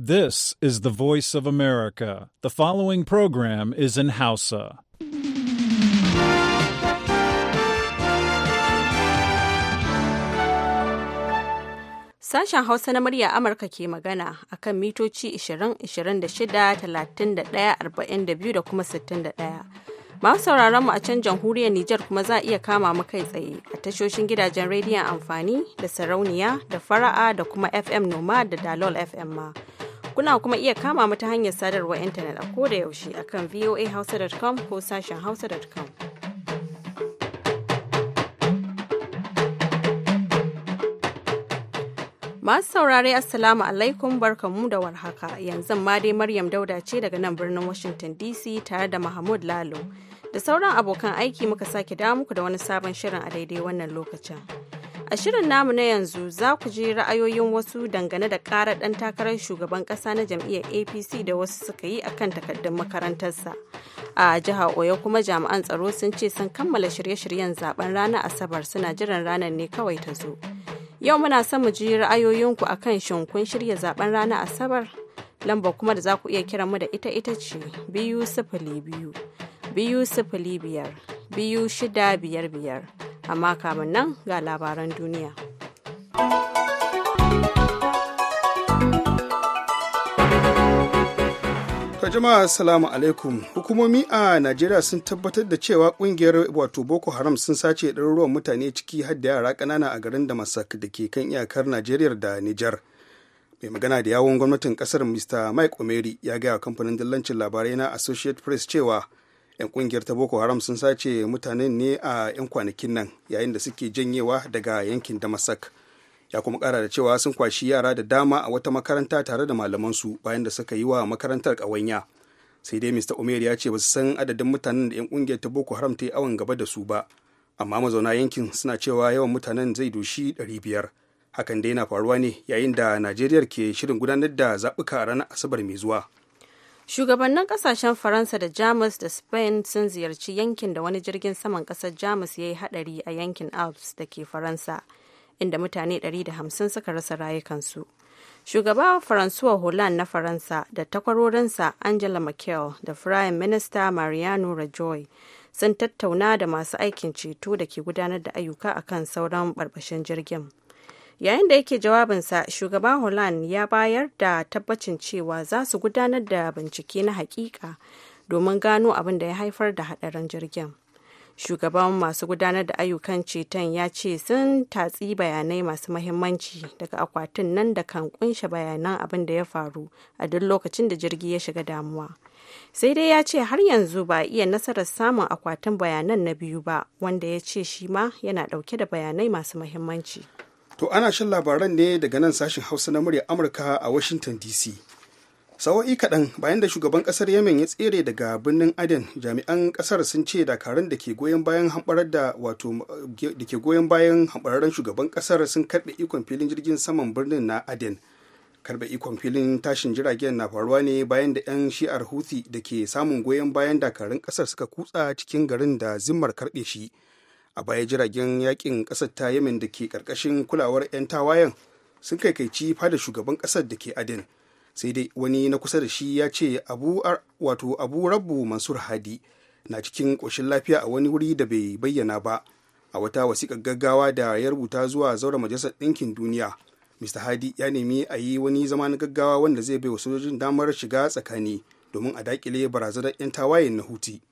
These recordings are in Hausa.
This is the voice of America. The following program is in Hausa. Sashen Hausa na murya Amurka ke magana a kan mitoci 20, 26, 31, 42 da kuma 61. Masu sauraron mu a can jamhuriyar Nijar kuma za a iya kama mu kai tsaye a tashoshin gidajen rediyon amfani da sarauniya da fara'a da kuma FM Noma da Dalol FM ma. Kuna kuma iya kama mu ta hanyar sadarwar intanet a ko da yaushe akan voahausa.com ko sashen hausa.com. Masu saurare Assalamu alaikum barkanmu da warhaka yanzu ma dai Maryam Dauda ce daga nan birnin Washington DC tare da Mahmud Lalo. Da sauran abokan aiki muka sake damu da wani sabon shirin a daidai wannan lokacin. A shirin namu na yanzu za ku ji ra'ayoyin wasu dangane da ƙarar ɗan takarar shugaban ƙasa na jam'iyyar APC da wasu suka yi a kan takardun makarantarsa. A jiha Oyo kuma jami'an tsaro sun ce sun kammala shirye-shiryen zaben ranar Asabar suna jiran ranar ne kawai ta zo. Yau muna son mu ji ra'ayoyinku a kan shin kun shirya zaben ranar Asabar? Lambar kuma da za ku iya kiran mu da ita ita ce biyu sifili biyu biyu sifili biyar biyu shida biyar biyar amma kamun nan ga labaran duniya jama'a salamu alaikum hukumomi a najeriya sun tabbatar da cewa kungiyar wato boko haram sun sace ɗaruruwan mutane ciki har da yara ƙanana a garin damasak da ke kan iyakar najeriya da nijar mai magana da yawon gwamnatin kasar mr mike omeri ya gaya kamfanin dillancin labarai na associate press cewa 'yan kungiyar ta boko haram sun sace mutanen ne a 'yan kwanakin nan yayin da suke janyewa daga yankin damasak ya kuma kara da cewa sun kwashi yara da dama a wata makaranta tare da malamansu bayan da suka yi wa makarantar kawanya sai dai mista omer ya ce ba su san adadin mutanen da 'yan kungiyar ta boko haram ta yi awon gaba da su ba amma mazauna yankin suna cewa yawan mutanen zai doshi 500 hakan dai yana faruwa ne yayin da najeriya ke shirin gudanar da zaɓuka ranar asabar mai zuwa Shugabannin kasashen Faransa da Jamus da Spain sun ziyarci yankin da wani jirgin saman kasar Jamus ya yi hadari a yankin Alps da ke Faransa, inda mutane 150 suka rasa rayukansu. Shugaba faransuwa Hollande na Faransa da takwarorinsa Angela Merkel da Prime Minister Mariano Rajoy sun tattauna da masu aikin ceto da ke gudanar da ayyuka akan sauran barbashin jirgin. yayin da yake jawabinsa shugaban holland ya bayar da tabbacin cewa za su gudanar da bincike na hakika domin gano abin da ya haifar da hadarin jirgin shugaban masu gudanar da ayyukan ceton ya ce sun tatsi bayanai masu mahimmanci daga akwatin nan da kan kunshe bayanan abin da ya faru a duk lokacin da jirgi ya shiga damuwa sai dai ya ce har yanzu ba iya nasarar samun akwatin bayanan na biyu ba wanda ya ce shi ma yana dauke da bayanai masu mahimmanci To ana shan labaran ne daga nan sashen Hausa na murya Amurka a Washington DC. Sawa'i kaɗan bayan da shugaban ƙasar Yemen ya tsere daga birnin Aden, jami'an ƙasar sun ce dakarun da ke goyon bayan hamɓarar da wato da ke goyon bayan hamɓararren shugaban ƙasar sun karɓe ikon filin jirgin saman birnin na Aden. Karɓe ikon filin tashin jiragen na faruwa ne bayan da 'yan shi'ar Houthi da ke samun goyon bayan dakarun ƙasar suka kutsa cikin garin da zimmar karɓe shi. a baya jiragen yakin kasar ta yamin da ke karkashin kulawar 'yan tawayen sun kai ci fada shugaban kasar da ke adin sai dai wani na kusa da shi ya ce abu wato abu rabu mansur hadi na cikin ƙoshin lafiya a wani wuri da bai bayyana ba a wata wasiƙar gaggawa da ya rubuta zuwa zaure majalisar ɗinkin duniya mr hadi ya nemi a yi wani zama na gaggawa wanda zai bai wa sojojin damar shiga tsakani domin a dakile barazanar 'yan tawayen na huti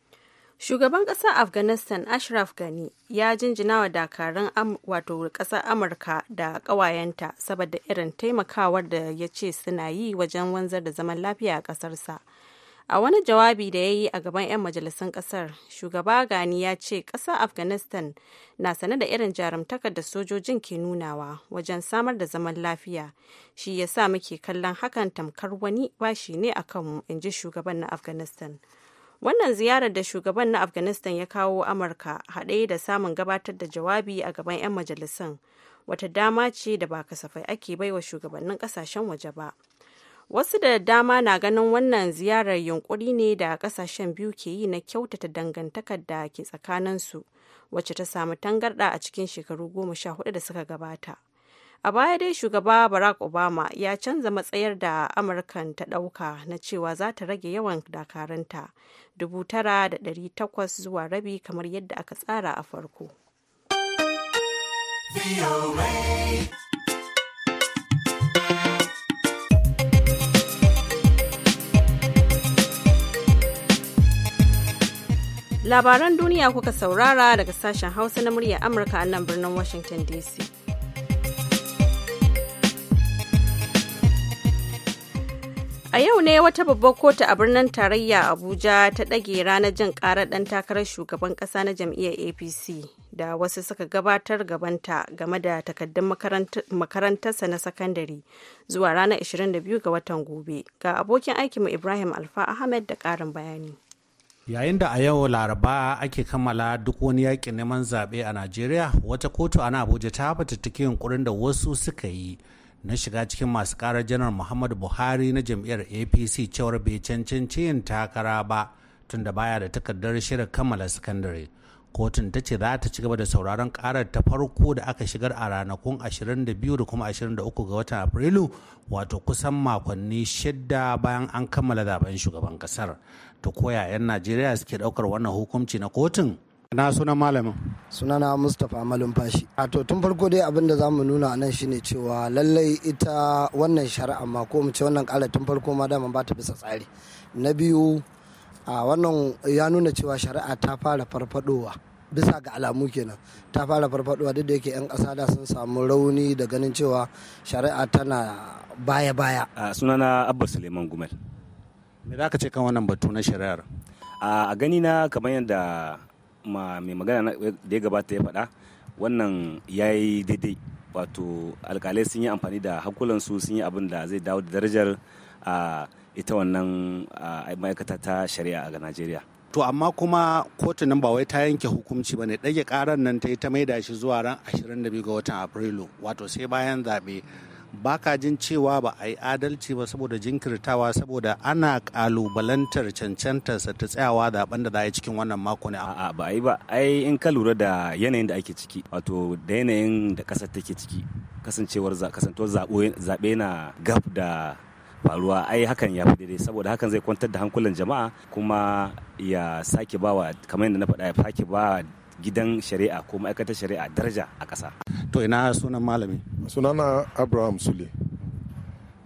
Shugaban ƙasar Afghanistan Ashraf gani ya jinjina wa dakarun wato ƙasar Amurka da ƙawayenta saboda irin taimakawar da ya ce suna yi wajen wanzar da zaman lafiya a ƙasarsa. A wani jawabi da ya yi a gaban 'yan majalisun ƙasar, shugaba gani ya ce ƙasar Afghanistan na sane da irin jarumtakar da sojojin ke nunawa wajen samar da zaman lafiya. Shi ya sa muke kallon hakan tamkar wani bashi ne a kanmu, in ji shugaban na Afghanistan. wannan ziyarar da shugaban na afghanistan ya kawo amurka haɗe da samun gabatar da jawabi a gaban 'yan majalisan wata dama ce da ba kasafai ake baiwa shugabannin ƙasashen waje ba wasu da dama na ganin wannan ziyarar yunkuri ne da ƙasashen biyu ke yi na kyautata dangantakar da ke tsakaninsu wacce ta samu tangarɗa a cikin shekaru goma sha hudu da suka gabata A baya dai shugaba Barack Obama ya canza matsayar da Amurkan ta ɗauka na cewa za ta rage yawan dakaranta dubu tara da ɗari takwas zuwa rabi kamar yadda aka tsara a farko. Labaran duniya kuka saurara daga sashen Hausa na murya Amurka a nan birnin Washington DC. A yau ne wata babbar kotu a birnin tarayya Abuja ta ɗage ranar jin ƙarar ɗan takarar shugaban ƙasa na jam'iyyar APC da wasu suka gabatar gabanta game da takaddun makarantarsa na sakandare zuwa ranar 22 ga watan gobe. Ga abokin aikinmu Ibrahim Alfa Ahmed da ƙarin bayani. yayin da a yau laraba ake kammala duk wani yakin neman zaɓe a najeriya wata kotu a abuja ta fatattaki yunkurin da wasu suka yi na shiga cikin masu karar janar muhammadu buhari na jam'iyyar apc cewar bai cancanci yin takara ba tunda baya da takardar shirya kammala sakandare kotun ta ce za ta ci gaba da sauraron karar ta farko da aka shigar a ranakun 22 da kuma 23 ga watan afrilu wato kusan makonni shidda bayan an kammala zaben shugaban kasar ta koya 'yan najeriya suke daukar wannan hukunci na kotun na sunan malamin sunana mustapha malumfashi a to tun farko dai abin da za mu nuna nan shine cewa lallai ita wannan shari'a ma ko mu ce wannan kara tun farko ma dama ba ta bisa tsari na biyu a wannan ya nuna cewa shari'a ta fara farfadowa bisa ga alamu kenan ta fara farfadowa duk da yake 'yan kasa da sun samu rauni da ganin cewa shari'a tana baya-baya sunana abba suleiman gumel me za ka ce kan wannan batu na shari'ar a gani na kamar yadda mai magana da ya gabata ya faɗa wannan ya yi daidai wato alkalai sun yi amfani da hakulansu sun yi abin da zai dawo da darajar a ita wannan ma'aikata ta shari'a a najeriya to amma kuma kotu nan ba wai ta yanke hukunci ba ne ɗage ƙaran nan ta yi ta maida shi zuwa ran 22 ga watan afrilu wato sai bayan zaɓe Baka jin cewa ba a yi adalci ba saboda jinkirtawa saboda ana kalubalantar cancantarsa ta tsayawa zaben da za a yi cikin wannan mako ne a'a ba yi ba ai in ka lura da yanayin da ake ciki wato da yanayin da kasar take ciki kasancewar kasantuwar zaɓe na gab da faruwa ai hakan ya fi daidai saboda hakan zai kwantar da hankulan jama'a kuma ya sake bawa kamar yadda na faɗa ya sake ba gidan shari'a ko ma'aikatar shari'a daraja a ƙasa. To ina sunan malami? Sunana Abraham Sule.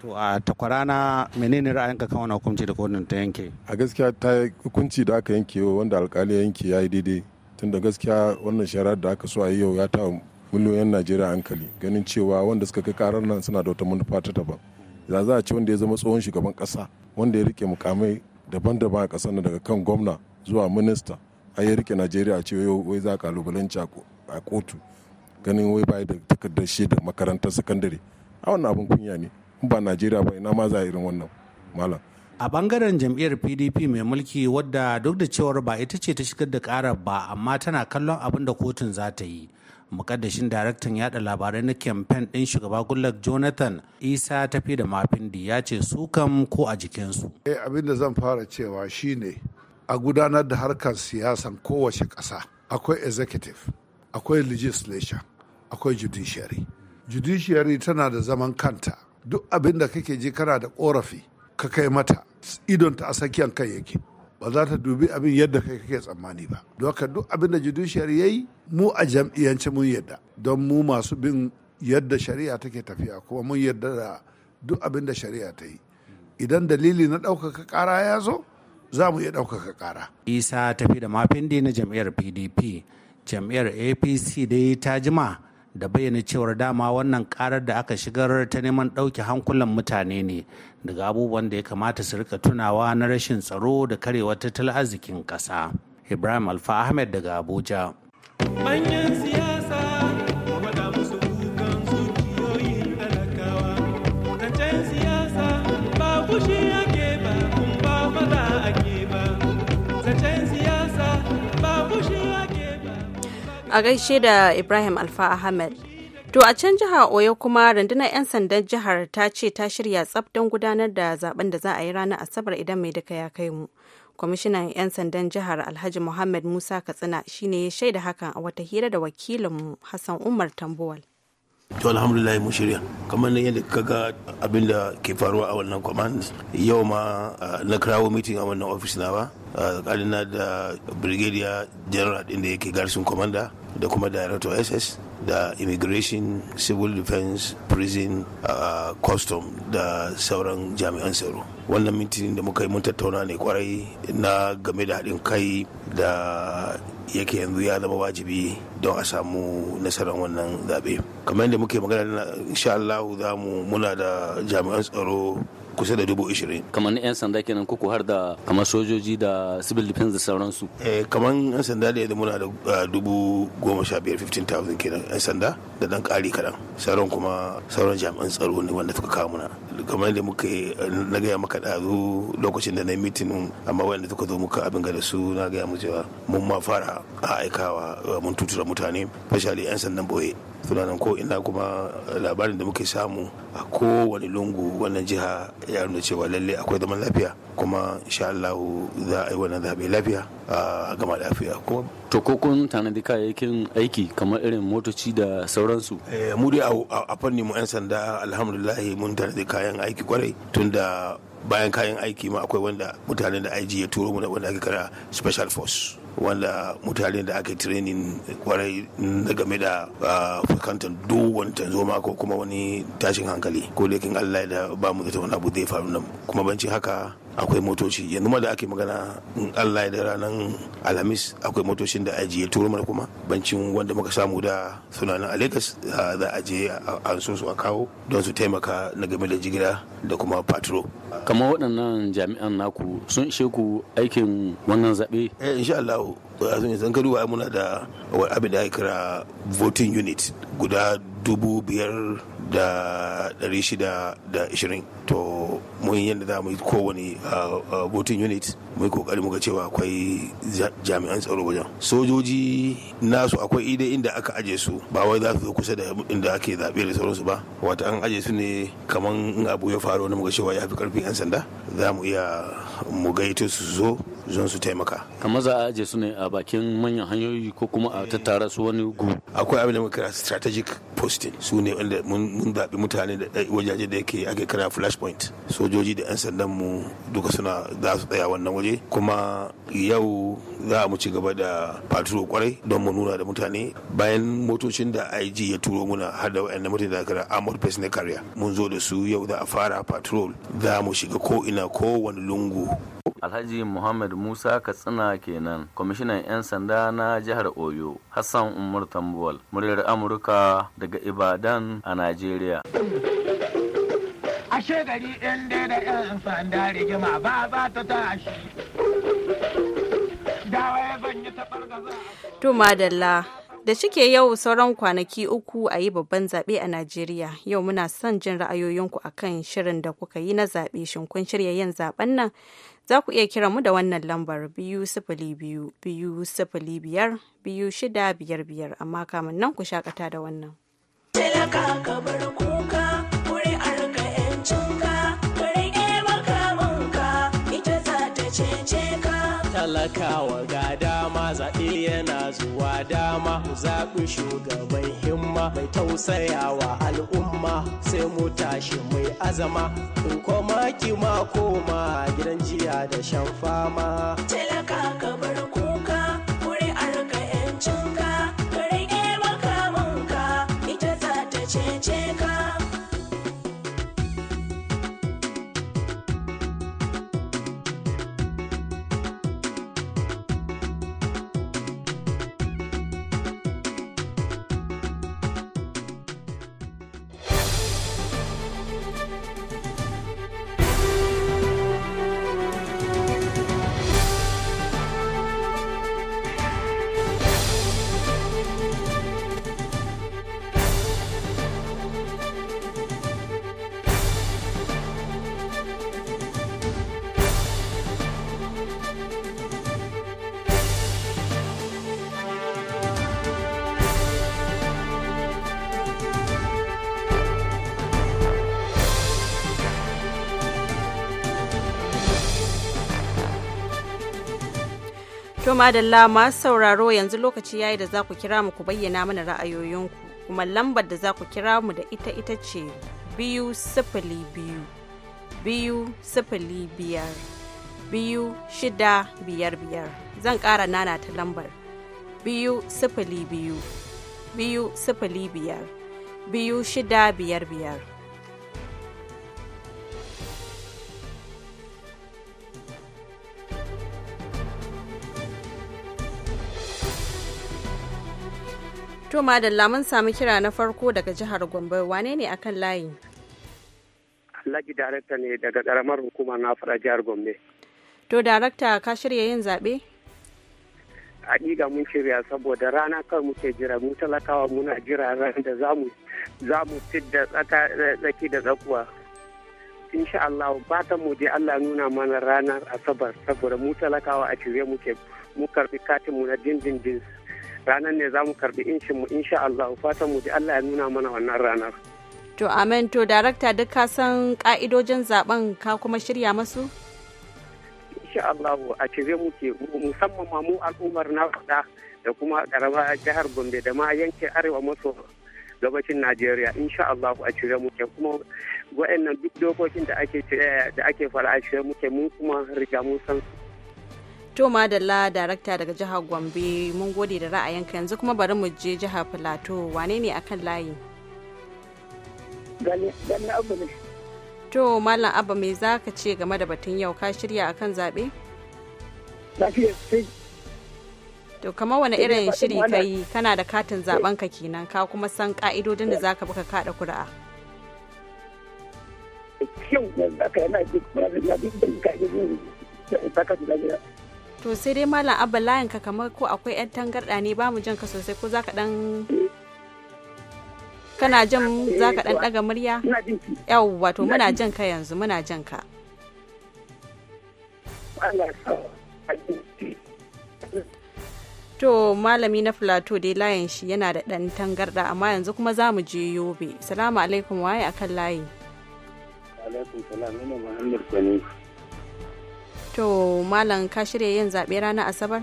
To a takwara na menene ra'ayinka kan wani hukunci da kotun ta yanke? A gaskiya ta hukunci da aka yanke wanda alkali yanke ya yi daidai. Tunda gaskiya wannan shari'ar da aka so a yi yau ya ta miliyoyin Najeriya hankali ganin cewa wanda suka kai karar nan suna da wata manufa ta daban. Za a ce wanda ya zama tsohon shugaban kasa wanda ya rike mukamai daban-daban a ƙasar daga kan gwamna zuwa minista an ya rike najeriya a ce wai za a kalubalanci a kotu ganin wai bai da takardar makarantar sakandare a wannan abin kunya ne in ba najeriya ba ina ma za a irin wannan malam a bangaren jam'iyyar pdp mai mulki wadda duk da cewar ba ita ce ta shigar da karar ba amma tana kallon abin da kotun za ta yi mukaddashin daraktan yada labarai na kamfen din shugaba gullak jonathan isa tafi da mafindi ya ce su kam ko a jikinsu eh, abin da zan fara cewa shine a gudanar da harkar siyasan kowace ƙasa akwai executive akwai legislation akwai judiciary judiciary tana da zaman kanta duk abin da kake ji kana da korafi ka kai mata idon ta a tsakiyar kai yake ba za ta dubi abin yadda kai kake tsammani ba don duk abin da judiciary yayi mu a jam'iyyance mun yadda don mu masu bin yadda shari'a take tafiya kuma mun yadda da duk abin da shari'a ta yi idan dalili na ɗaukaka ƙara ya zo za mu iya ɗaukaka ƙara. isa tafi da mafindi na jam'iyyar pdp jam'iyyar apc dai ta jima da bayyana cewar dama wannan karar da aka shigar ta neman ɗauke hankulan mutane ne daga abubuwan da ya kamata su rika tunawa na rashin tsaro da karewa tattalin arzikin ƙasa ibrahim alfa ahmed daga abuja. Manyan siyasa. a gaishe da Ibrahim Alfa Ahmed. To a can jihar Oyo kuma rundunar 'yan sandan jihar ta ce ta shirya tsaf don gudanar da zaben da za a yi ranar Asabar idan mai duka ya kai mu. Kwamishinan 'yan sandan jihar Alhaji Muhammad Musa Katsina shine ya shaida hakan a wata hira da wakilin Hassan Umar Tambuwal. to alhamdulillah mun shirya kamar yadda kaga abin da ke faruwa a wannan command yau ma na kirawo meeting a wannan office na ba tsakanina da brigadier general din da yake garrison commander da kuma director ss da immigration civil defense prison uh, custom da sauran jami'an tsaro wannan mintin da muka yi mun tattauna ne kwarai na game da haɗin kai da yake yanzu ya zama wajibi don a samu nasarar wannan zaɓe kamar yadda muke magana insha Allah za mu muna da jami'an tsaro kusa da dubu ishirin. kamar yan sanda kenan kuku har da kamar sojoji da civil defense da sauransu eh kamar yan sanda da yadda muna da ah, dubu goma sha biyar fifteen thousand kenan yan sanda da dan kari kaɗan sauran kuma sauran jami'an tsaro ne wanda suka kawo muna kamar yadda muka na gaya maka ɗazu lokacin da na yi mitin amma wanda suka zo muka abin ga da su na gaya mu cewa mun ma fara a aikawa ah, mun tutura mutane fashali yan sandan boye Sunanan ko ina kuma labarin da muke samu a kowane lungu wannan jiha ya nuna cewa lalle akwai zaman lafiya kuma insha Allah za a yi wannan zaɓe lafiya a gama lafiya kuma to ko kun tanadi kayayyakin aiki kamar irin motoci da sauransu eh, mu dai a fanni mu yan sanda alhamdulillah mun tanadi kayan aiki kwarai tunda bayan kayan aiki ma akwai wanda mutanen da IG ya turo mu da wanda ake kira special force wanda mutane da aka training kwarai na game da ah, fuskantar duk wani tanzoma ko kuma wani tashin hankali ko lekin Allah da ba mu da wani abu zai faru nan kuma bancin haka akwai motoci yanzu ma da ake magana in allah da ranar alhamis akwai motocin da ajiye ya turo mana kuma bancin wanda muka samu da sunanin a lagos za a je a so su a kawo don su taimaka na game da jigila da kuma patro kamar waɗannan jami'an naku sun ishe ku aikin wannan zaɓe eh insha allah sun ka duba muna da abin da ake kira voting unit guda dubu biyar da dari shida da ishirin to mun yadda za mu yi kowane voting unit mu yi kokari muka cewa akwai jami'an tsaro wajen sojoji nasu akwai ide inda aka aje su ba wai za su zo kusa da inda ake zaɓe da sauransu ba wata an aje su ne kamar in abu ya faru wani muka cewa ya fi karfin 'yan sanda za mu iya mu gaito su zo zon su taimaka kamar za a aje su ne a bakin manyan hanyoyi ko kuma a tattara su wani gu akwai abin da muka kira strategic state su ne wanda mun zaɓi mutane da wajaje da yake ake kira flashpoint sojoji da 'yan sandan mu duka suna za su tsaya wannan waje kuma yau za mu ci gaba da faturo kwarai don mu nuna da mutane bayan motocin da IG ya turo muna har da wayannan mutane da kira armor na carrier mun zo da su yau za a fara patrol za mu shiga ko ina ko wani lungu Alhaji Muhammad Musa Katsina kenan, kwamishinan 'yan sanda na jihar Oyo, Hassan Umar Tambuwal, muryar Amurka daga Ibadan a Najeriya. Ashe gari ɗin da amfani sanda rigima ba za ta tashi. To madalla da cike yau sauran kwanaki uku a yi babban zaɓe a Najeriya yau muna son jin ra'ayoyinku akan shirin da kuka yi na zaɓe shin kun shirya yin zaɓen nan za ku iya kira mu da wannan lambar biyu sifili biyu biyu sifili biyar biyu shida biyar biyar amma kamun nan ku shakata da wannan. Talaka ka bar kuka, ka 'yancinka, ita za cece ka. Talakawa ga zaɓe yana zuwa dama mu zaɓi shugaban himma mai tausayawa al'umma sai mu tashi mai azama in koma ma koma gidan jiya da shan fama talaka ka bar ku To madalla masu sauraro yanzu lokaci yayi da za ku kira mu ku bayyana mana ra'ayoyinku kuma lambar da za ku kira mu da ita ita ce biyu sifili biyu biyu sifili biyar biyu shida biyar biyar zan ƙara nana ta lambar biyu sifili biyu biyu sifili biyar biyu shida biyar biyar To madalla mun sami kira na farko daga jihar Gombe wane ne akan layi? Alhaji darakta ne daga karamar hukumar na fara jihar Gombe. To darakta ka shirya yin zaɓe? Hakika mun shirya saboda rana kan muke jira mu talakawa muna jira ran da zamu zamu fidda tsaki da tsakuwa. Insha Allah ta mu je Allah nuna mana ranar Asabar saboda mu talakawa a shirye muke mu karbi katin mu na dindindin. ranar ne za mu karbi inshin mu insha Allah fatan mu ji Allah ya nuna mana wannan ranar to amen to darakta duk ka san ka'idojin zaben ka kuma shirya masu insha Allah a cire muke musamman ma mu al'ummar na faɗa da kuma karama jihar Gombe da ma yankin arewa maso gabashin Najeriya insha Allah a cire muke kuma wa'annan duk dokokin da ake da ake fara a cire muke mun kuma riga mun san su To Madalla darakta daga jihar Gombe mun gode da ra'ayinka yanzu kuma bari mu je jihar Filato wane ne akan layi? Gani abu To Malam Abba me za ce game da batun yau ka shirya akan zaɓe? To kamar wani irin shiri ka kana da katin zaben ka kenan ka kuma san ka'idodin da zaka ka kaɗa kuri'a. Kyau da yana duk da ka to sai dai malam abba layin ka kamar ko akwai yan tangarda ne ba mu jan ka sosai ko zaka dan kana jan zaka dan daga murya yawwa to muna jan ka yanzu muna jan ka to malami na filato dai layin shi yana da ɗan tangarɗa amma yanzu kuma za mu je yobe salamu alaikum waye akan layi alaikum salam ina muhammad to malam ka shirya yin zaɓe ranar asabar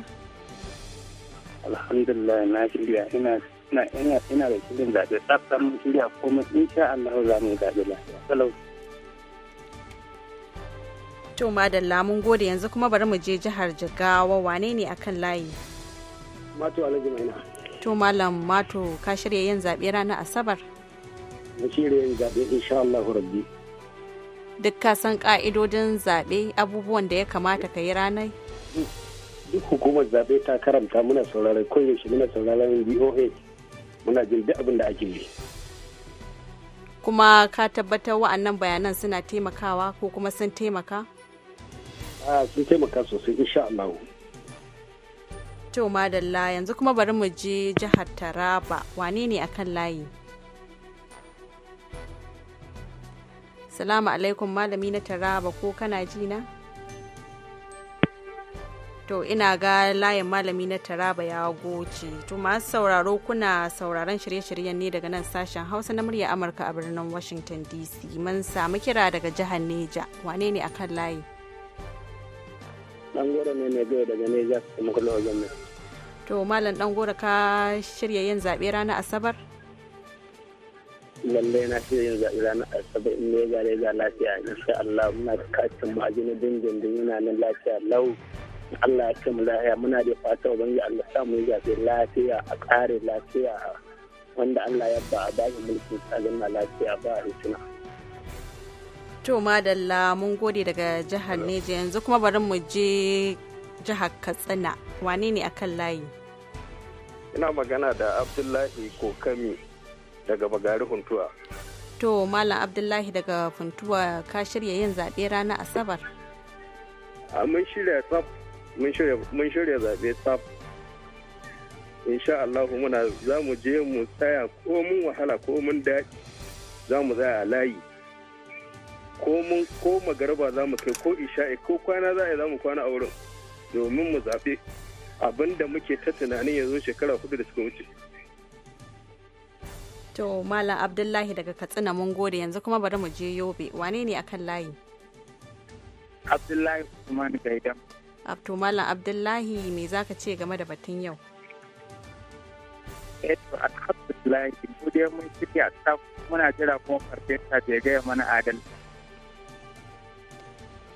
alhamdulillah na shirya ina ina ina ina da shirin zaɓe tsaftar mu shirya kuma insha Allah za mu zaɓe lafiya salau to madalla mun gode yanzu kuma bari mu je jihar Jigawa wane ne akan layi mato alhaji maina to malam mato ka shirya yin zaɓe ranar asabar na shirya yin zaɓe insha Allah rabbi duk ka san ka'idodin zaɓe abubuwan da ya kamata ka yi ranar duk hukumar zaɓe ta karanta muna sauraron koyaushe muna sauraron voa muna jin duk abin da ake yi kuma ka tabbatar wa'annan bayanan suna taimakawa ko kuma sun taimaka a ah, sun taimaka sosai insha Allah to madalla yanzu kuma bari mu je jihar Taraba wane ne akan layi salamu alaikum malami na taraba ko kana ji na to ina ga layin malami na taraba ya goce to masu sauraro kuna sauraron shirye-shiryen ne daga nan sashen hausa na murya amurka a birnin washington dc mun samu kira daga jihar neja wane ne akan layi dan gora ne ne daga neja to malam dan gora ka shirya yin zaɓe ranar asabar lallai na shi yin zaɓi ranar asabar in ne ga lafiya insha Allah muna da katin mu a jini da yana nan lafiya lau Allah ya ce mu lafiya muna da fata ubangiji Allah samu ya zaɓe lafiya a ƙare lafiya wanda Allah ya ba a bayan mulkin tsarin na lafiya ba a rikina. To madalla mun gode daga jihar Neja yanzu kuma bari mu je jihar Katsina wane ne akan layi? Ina magana da Abdullahi Kokami daga bagari huntuwa to malam abdullahi daga funtuwa ka shirya yin zaɓe ranar asabar a mun shirya tsaf mun shirya zaɓe tsaf insha Allah muna za mu je mu tsaya ko mun wahala ko mun daɗi za mu tsaya a layi ko mun ko magarba za mu kai ko isha'i ko kwana za a yi za mu kwana a wurin domin mu zaɓe abinda muke ta tunanin yanzu shekara hudu da suka wuce To Malam Abdullahi daga Katsina mun gode yanzu kuma bari mu je Yobe wane ne akan layi? Abdullahi Usman Gaidam. Abdu Malam Abdullahi me zaka ce game da batun yau? Eh to gode mu dai mun shirya tsaf muna jira kuma ta bai ga mana adal.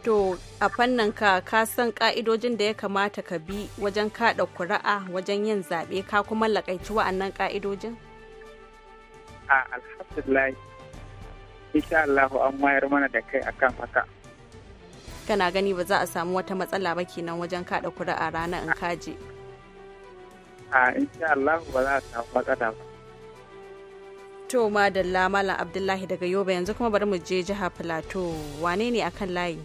To a fannin ka ka san ka'idojin da ya kamata ka bi wajen kaɗa kuri'a wajen yin zaɓe ka kuma laƙaici wa'annan ka'idojin? a alhamdulillah insha Allah an wayar mana da kai akan haka kana gani ba za a samu wata matsala ba kenan wajen kada kuri'a ranar in kaji a insha Allah ba za a samu matsala ba to madalla malam abdullahi daga yoba yanzu kuma bari mu je jiha filato wane ne akan layi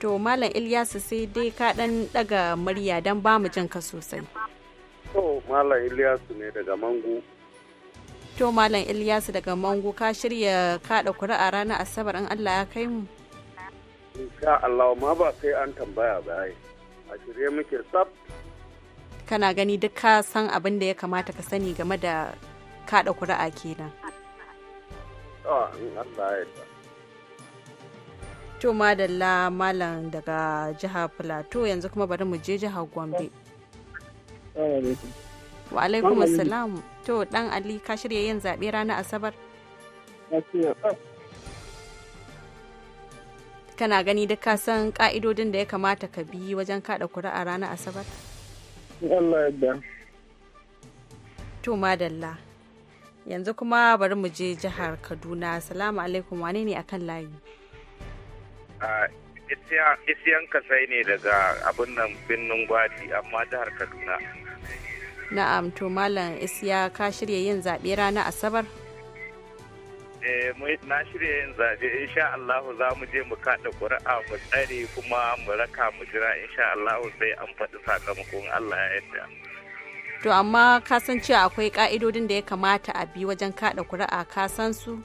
to malam ilyasu sai dai ka dan daga murya don ba mu jin ka sosai To, Malam Ilyasu ne daga Mangu. To, Malam Ilyasu daga Mangu, ka shirya kaɗa kuri'a ranar Asabar in Allah ya kai mu? Insha Allah, ma ba sai an tambaya ba A shirye muke tsaf. Kana gani duk ka san abin da ya kamata ka sani game da kaɗa kuri'a kenan. To, in Allah ya To, Madalla Malam daga jihar Plateau yanzu kuma bari mu je jihar Gombe. Wa alaikum assalam. To dan Ali ka shirya yin zaɓe ranar Asabar? Kana gani duk ka san ka'idodin da ya kamata ka bi wajen kaɗa kuri'a ranar Asabar? Allah yadda. To madalla. Yanzu kuma bari mu je jihar Kaduna. Salamu alaikum wane ne akan layi? Isiyan kasai ne daga abin nan birnin gwadi amma jihar Kaduna. na'am to malam isya ka shirya yin zaɓe rana asabar eh, na shirya yin zaɓe insha Allah za mu je mu kaɗa ƙuri'a mu tsare kuma mu raka mu jira insha Allah sai an faɗi sakamakon Allah ya yadda to amma ka san cewa akwai ka'idodin da ya kamata a bi wajen kaɗa ƙuri'a ka san su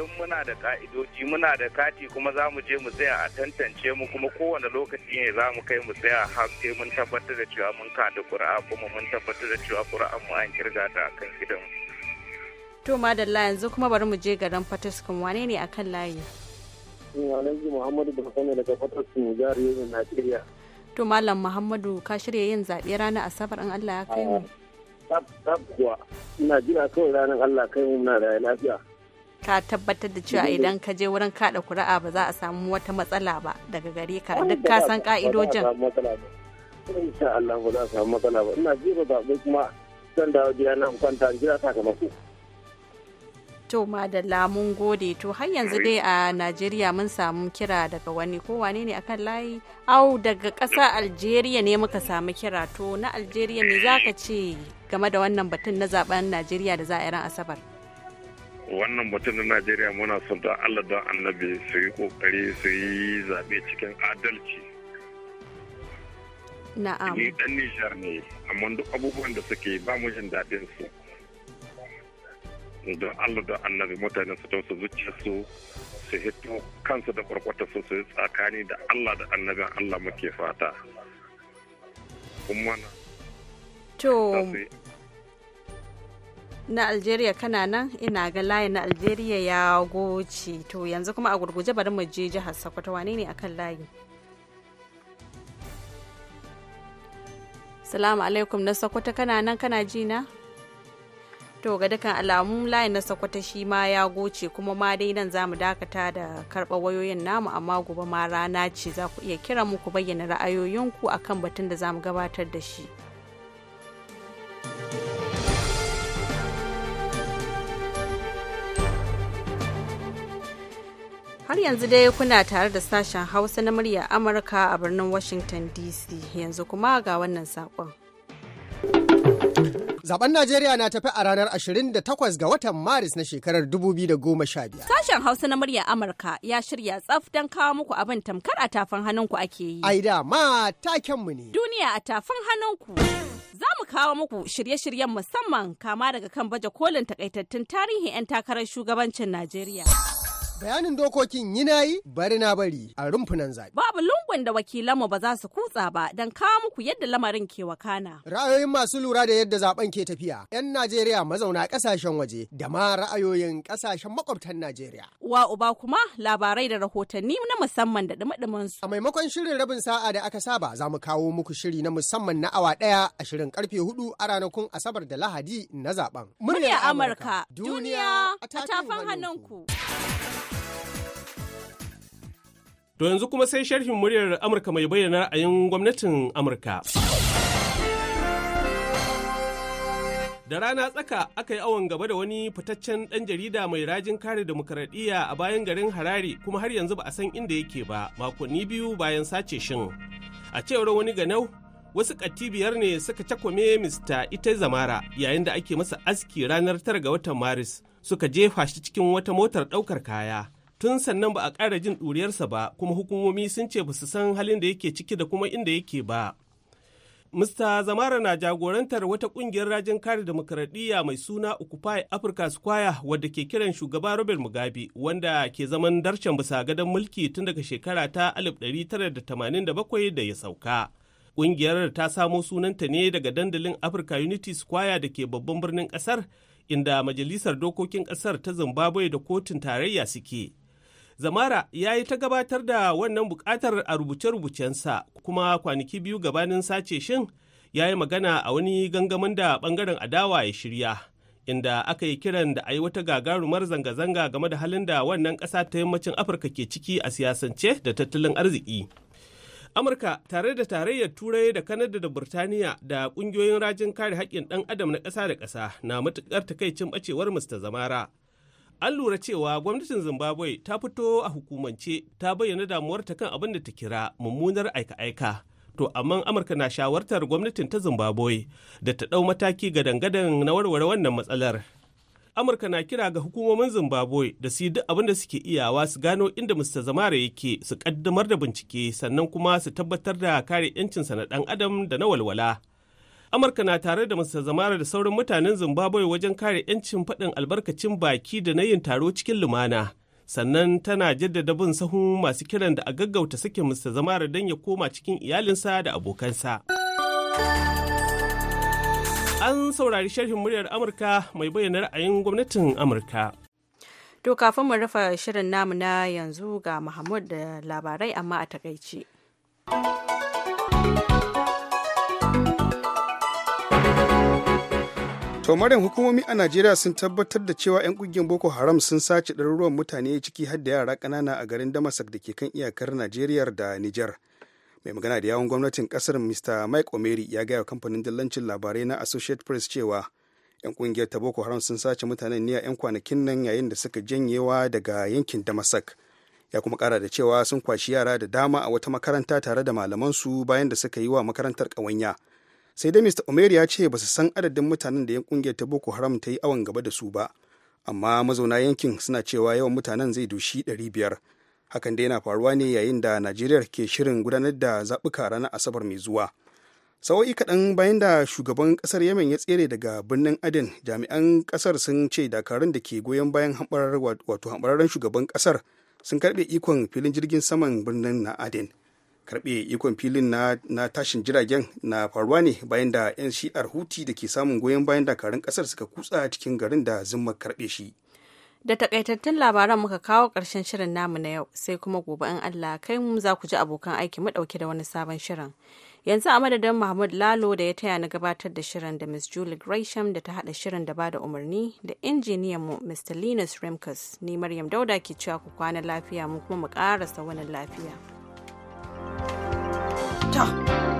duk muna da ka'idoji muna da kati kuma za mu je mu tsaya a tantance mu kuma kowane lokaci ne za mu kai mu tsaya a sai mun tabbatar da cewa mun kada ƙura'a kuma mun tabbatar da cewa ƙura'an mu an kirga ta kan gidan. To madalla yanzu kuma bari mu je garin Fataskun wane ne akan layi? Alhaji Muhammadu da Fasani daga Fataskun jihar Yobe Najeriya. To Malam Muhammadu ka shirya yin zaɓe ranar Asabar in Allah ya kai mu. Ah, tab tab kuwa ina jira kawai ranar Allah kai mu na da lafiya. ka tabbatar da cewa idan ka je wurin kada kuri'a ba za a samu wata matsala ba daga gare ka duk ka san ka'idojin insha Allah ba za kuma zan dawo gida na kwanta jira sakamako to madalla mun gode to har yanzu dai a najeriya mun samu kira daga wani ko wane ne akan layi au daga ƙasa algeria ne muka samu kira to na algeria ne za ka ce game da wannan batun na zaben najeriya da za a yi ran asabar wannan mutum na najeriya muna son don allah don annabi su yi kokari su yi zaɓe cikin adalci na'am ni dan nijar ne amma duk abubuwan da suke ba mu jin daɗin su don allah don annabi mutane su su zuciya su su hito kansu da kwarkwata su su tsakani da allah da annabi allah muke fata kuma na To, na algeria kana nan ina ga layin na algeria ya goce to yanzu kuma a gurguje bari mu je jihar sokoto wane ne akan layi salamu alaikum na sokoto kana nan kana ji na to ga dukkan alamu layin na sokoto shi ma ya goce kuma ma dai nan zamu dakata da karɓa wayoyin namu amma gobe ma rana ce za ku iya kira mu ku bayyana ra'ayoyinku akan batun da zamu gabatar da shi. Har yanzu dai kuna tare da sashen Hausa na murya Amurka a birnin Washington DC yanzu kuma ga wannan sakon Zaben Najeriya na tafi a ranar 28 ga watan Maris na shekarar 2015. Sashen Hausa na murya Amurka ya shirya tsaf don kawo muku abin tamkar a tafin hannunku ake yi. Ai da ma takenmu ne. Duniya a tafin hannunku. Za mu kawo muku shirye-shiryen musamman kama daga kan baje kolin takaitattun tarihi 'yan takarar shugabancin Najeriya. bayanin dokokin yi na yi bari na bari a rumfunan zaɓe. Babu lungun da wakilanmu ba za su kutsa ba don kawo muku yadda lamarin ke wakana. Ra'ayoyin masu lura da yadda zaben ke tafiya 'yan Najeriya mazauna ƙasashen waje da ma ra'ayoyin ƙasashen makwabtan Najeriya. Wa uba kuma labarai da rahotanni na musamman da ɗumi su. A maimakon shirin rabin sa'a da aka saba za mu kawo muku shiri na musamman na awa ɗaya a shirin karfe hudu a ranakun Asabar da Lahadi na zaben. Murya Amurka, duniya a tafin hannunku. To yanzu kuma sai sharhin muryar Amurka mai bayyana ra'ayin gwamnatin Amurka. Da rana tsaka aka yi awon gaba da wani fitaccen ɗan jarida mai rajin kare demokaradiyya a bayan garin Harare kuma har yanzu ba a san inda yake ba makonni biyu bayan sace shin. A cewar wani ganau wasu katibiyar ne suka cakwame Mr. Ita Zamara yayin da ake masa aski ranar tara ga watan Maris suka jefa shi cikin wata motar ɗaukar kaya. tun sannan ba a ƙara jin ɗuriyarsa ba kuma hukumomi sun ce ba su san halin da yake ciki da kuma inda yake ba. Mr. Zamara na jagorantar wata ƙungiyar rajin kare demokaradiyya mai suna Occupy Africa Square wadda ke kiran shugaba Robert Mugabe wanda ke zaman darcen bisa gadon mulki tun daga shekara ta 1987 da ya sauka. Ƙungiyar ta samo sunanta ne daga dandalin Africa Unity Square da ke babban birnin ƙasar inda Majalisar Dokokin ƙasar ta Zimbabwe da Kotun Tarayya suke. Zamara ya yi ta gabatar da wannan bukatar a rubuce-rubucensa kuma kwanaki biyu gabanin sace shin ya yi magana a wani gangamin da bangaren adawa ya shirya inda aka yi kiran da a yi wata gagarumar zanga-zanga game da halin da wannan ƙasa ta yammacin Afirka ke ciki a siyasance da tattalin arziki. Amurka tare da tarayyar Turai da Kanada da Burtaniya da ƙungiyoyin rajin kare haƙƙin ɗan adam na ƙasa da ƙasa na matuƙar takaicin ɓacewar Mr. Zamara. An lura cewa gwamnatin Zimbabwe ta fito a hukumance ta bayyana damuwar ta kan abin da ta kira mummunar aika-aika. To amma Amurka na shawartar gwamnatin ta Zimbabwe da ta ɗau mataki gadan-gadan na warware wannan matsalar. Amurka na kira ga hukumomin Zimbabwe da su yi duk abin da suke iyawa su gano inda Mr. Zamara yake su kaddamar da bincike sannan kuma su tabbatar da kare 'yancinsa na ɗan adam da na walwala. Amurka na tare da Mr. Zamara da sauran mutanen Zimbabwe wajen kare 'yancin faɗin albarkacin baki da na yin taro cikin lumana. Sannan tana jaddada bin sahun masu kiran da a gaggauta sakin Mr. Zamara don ya koma cikin iyalinsa da abokansa. An saurari sharhin muryar Amurka mai bayyana ra'ayin gwamnatin Amurka. To kafin mu rufe shirin namu na yanzu ga Mahmud da labarai amma a takaici. To hukumomi a Najeriya sun tabbatar da cewa 'yan kungiyar Boko Haram sun sace ɗaruruwan mutane ciki har da yara kanana a garin Damasak da ke kan iyakar Najeriya da niger Mai magana da yawon gwamnatin ƙasar Mr. Mike Omeri ya gaya kamfanin dillancin labarai na Associate Press cewa 'yan kungiyar ta Boko Haram sun sace mutanen ne a 'yan kwanakin nan yayin da suka janyewa daga yankin Damasak. Ya kuma ƙara da cewa sun kwashi yara da dama a wata makaranta tare da malamansu bayan da suka yi wa makarantar ƙawanya. sai dai mista omer ya ce ba su san adadin mutanen da yan kungiyar ta boko haram ta yi awon gaba da su ba amma mazauna yankin suna cewa yawan mutanen zai dushi 500 hakan da yana faruwa ne yayin da najeriya ke shirin gudanar da zaɓuka ranar asabar mai zuwa sawa'i kaɗan bayan da shugaban ƙasar yemen ya tsere daga birnin adin jami'an ƙasar sun ce dakarun da ke goyon bayan wato hambararren shugaban ƙasar sun karɓe ikon filin jirgin saman birnin na adin karbe ikon filin na, na tashin jiragen na faruwa ne bayan da 'yan shi'ar huti da ke samun goyon bayan dakarun kasar suka kutsa cikin garin da zuma karbe shi da takaitattun labaran muka kawo ƙarshen shirin namu na yau sai kuma gobe in allah kai mu za ku ji abokan aiki mu dauke da wani sabon shirin yanzu a madadin mahmud lalo da ya taya na gabatar da shirin da miss julie gresham da ta hada shirin da bada umarni da injiniyan mu mr linus remkes ni maryam dauda ke cewa ku kwana lafiya mu kuma mu karasa wani lafiya 这